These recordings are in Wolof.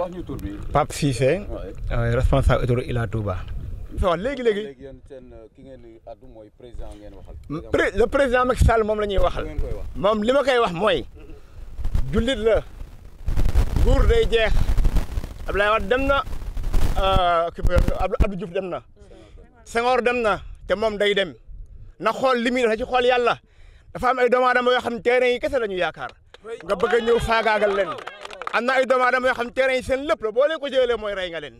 wax ñu tur bi. Pape Cissé. Euh, responsable autoroute Ila Touba. waaw léegi léegi le président Macky Sall moom la ñuy waxal. moom li ma koy wax mooy. jullit la. nguur day jeex. Abdoulaye Wade dem na. Euh, Abdou Diouf dem na. Senghor dem na te moom day dem. na xool li muy def ci xool yàlla. dafa am ay doomu aadama yoo xam ne terrain yi kese la ñu yaakaar. nga bëgg ñëw faagaagal leen. am na ay doomu aadama yoo xam ne yi seen lépp la boo ko jëlee mooy rey nga leen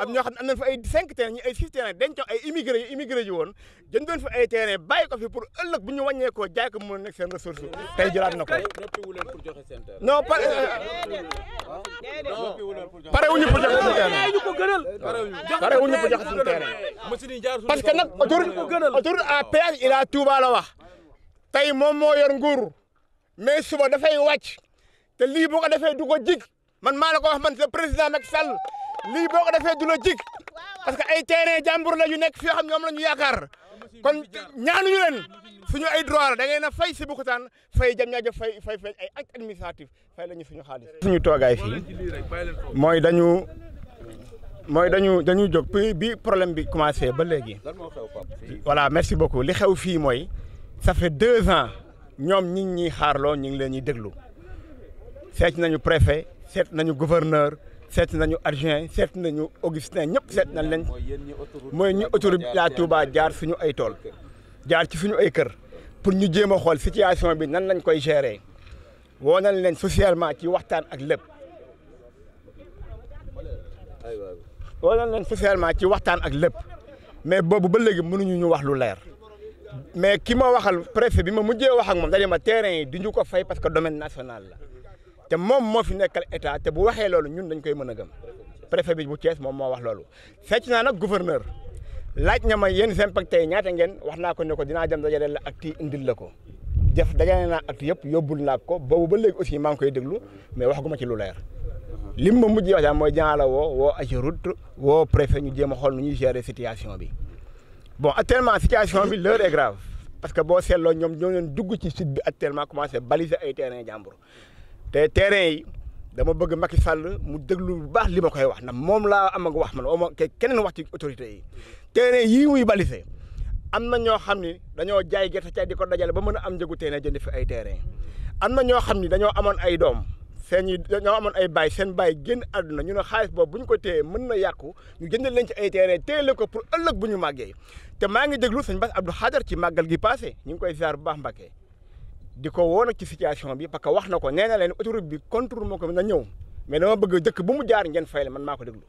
am ñoo xam ne am nañ fa ay cinq terrain ñi ay six terrain denc ay immigré yu immigré ji woon jëndoon fa ay terrain bàyyi ko fi pour ëllëg bu ñu wàññee koo jaay ko mu nekk seen ressource tey jëlaat na ko non pare ah. pare wuñu pour joxe suñu terrain pare wuñu pour joxe suñu terrain parce que nag autoroute autoroute à péage Ila Touba la wax tey moom moo yor nguur mais suba dafay wàcc te lii boo ko defee du ko jig man maa la ko wax man se président Macky sal lii boo ko defee du la jig parce que ay terrain jàmbur la yu nekk fi xam ñoom la ñu yaakaar kon ñaanuñu leen suñu ay droit la da ngay na fay si Bokutane fay jam ñaajo fay fay fay ay acte administratif fay la ñu suñu xaalis. suñu toogaay fii mooy dañu mooy dañu dañu jóg bi problème bi commencé ba léegi voilà merci beaucoup li xew fi mooy ça fait deux ans ñoom ñi ngi ñuy xaarloo ñu ngi leen ñuy déglu. seet nañu préfet seet nañu gouverneur seet nañu adjoint seet nañu Augustin ñëpp seet nañ leen mooy ñu autoroute la Touba jaar suñu ay tool jaar ci suñu ay kër pour ñu jéem a xool situation bi nan lañ koy gérer woo nañ leen socialement ci waxtaan ak lépp woo leen socialement ci waxtaan ak lépp mais boobu ba léegi mënuñu ñu wax lu leer mais ki ma waxal préfet bi ma mujjee wax ak moom dañu ma terrain yi duñu ko fay parce que domaine national la te moom moo fi nekkal état te bu waxee loolu ñun dañ koy mën a gëm préfet bi bu Thiès moom moo wax loolu. fecc naa nag gouverneur laaj na ma yéen impacté yi ñaata ngeen wax naa ko ne ko dinaa dem dajale la ak ti indil la ko def dajale na ak yëpp yóbbul naa ko boobu ba léegi aussi maa ngi koy déglu mais wax gu ma ci lu leer. lim ma mujjee wax daal mooy jaa la woo woo Ageroute woo préfet ñu jéem a xool nu ñuy gérer situation bi bon actuellement situation bi l'heure est grave que boo seetloo ñoom ñoo leen dugg ci site bi actuellement commencé baliser ay terrain jàmbur. te terrain yi dama bëgg Macky Sall mu déglu bu baax li ma koy wax na moom laa am ak wax man au moins keneen wax ci autorité yi terrain yi muy balisé am na ñoo xam ni dañoo jaay gerte caay di ko dajale ba mën a am njëgu teena jënd fi ay terrain am na ñoo xam ni dañoo amoon ay doom seen yi dañoo amoon ay baay seen baay génn aduna ñu ne xaalis boobu bu ñu ko téyee mën na yàqu ñu jëndal leen ci ay terrain téyele ko pour ëllëg bu ñu màggee te maa ngi déglu sëñ Bass Abdou Khadre ci màggal gi passé ñu ngi koy ziar bu baax di ko na ci situation bi parce que wax na ko neena na leen autoroute bi contour moo ko na ñëw mais dama bëgg dëkk bu mu jaar ngeen fayal man maa ko déglu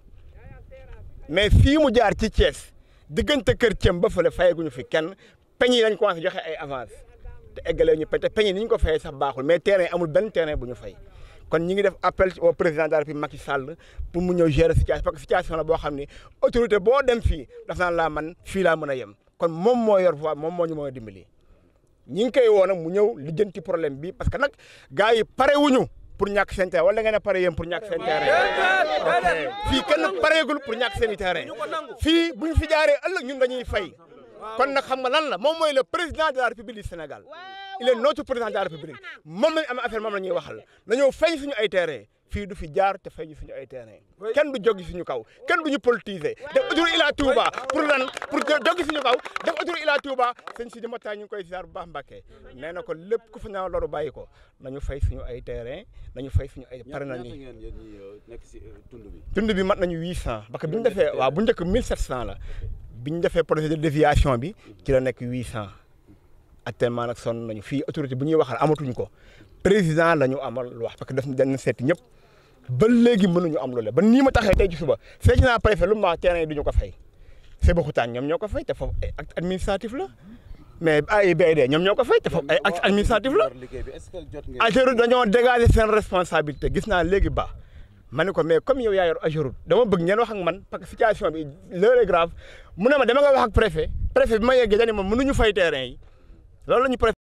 mais fii mu jaar ci Thiès diggante kër Thiam ba fële fayaguñu fi kenn peñ yi lañ commencé joxe ay avance te eggalee ñu te peñ yi ni ñu ko fayee sax baaxul mais terrain amul ben terrain bu ñu fay. kon ñi ngi appel au président de la République Macky Sall pour mu ñëw gérer situation parce situation la boo xam ni autorité boo dem fi daf naan laa man fii la mën a yem kon moom moo yor voie moom moo ñu mën a dimbali. ñi ngi koy woo nag mu ñëw lijjanti problème bi parce que nag gars yi pare wuñu pour ñàkk seen terrain wala ngeen ne pare yéen pour ñàkk seen terrain fii kenn pareegul pour ñàkk seen i terrain fii bu ñu fi jaaree ëllëg ñun dañuy fay kon nag xam nga lan la moom mooy le président de la république du Sénégal il est notre président de la république moom la ñu am affaire moom la ñuy waxal nañoo fay suñu ay tere fii du fi jaar te fay ñu suñu ay terrain kenn du jóg suñu kaw kenn du ñu politiser def autoroute Ila Touba pour lan pour jóg suñu kaw def autoroute Ila Touba sëñ si di mataay ñu ko koy ziar bu baax Mbàkke nee na ko lépp ku fa ñaaw loru bàyyi ko nañu fay suñu ay terrain nañu fay suñu ay pare na ni tund bi mat nañu huit cent parce que bi ñu defee waaw bu njëkk mille sept cent la bi ñu defee projet de déviation bi ci la nekk huit cent actuellement nag sonn nañu fii autorité bu ñuy waxal amatuñ ko président la ñu amal wax parce que daf dañ seeti ñëpp ba léegi mënuñu am loolu ba nii ma taxee tey suba fekk naa préfet lu ma du ñu ko fay Sébikotane ñoom ñoo ko fay te foofu ay acte administratif la mais AIBD ñoom ñoo ko fay te foofu ay acte administratif la Ageroute dañoo dégager seen responsabilité gis naa léegi ba ma ne ko mais comme yow a yor Ageroute dama bëgg ngeen wax ak man parce que situation bi l'heure est mu ne ma dama nga wax ak préfet bi ma yeggee dañu ma mënuñu fay terrain yi loolu la ñu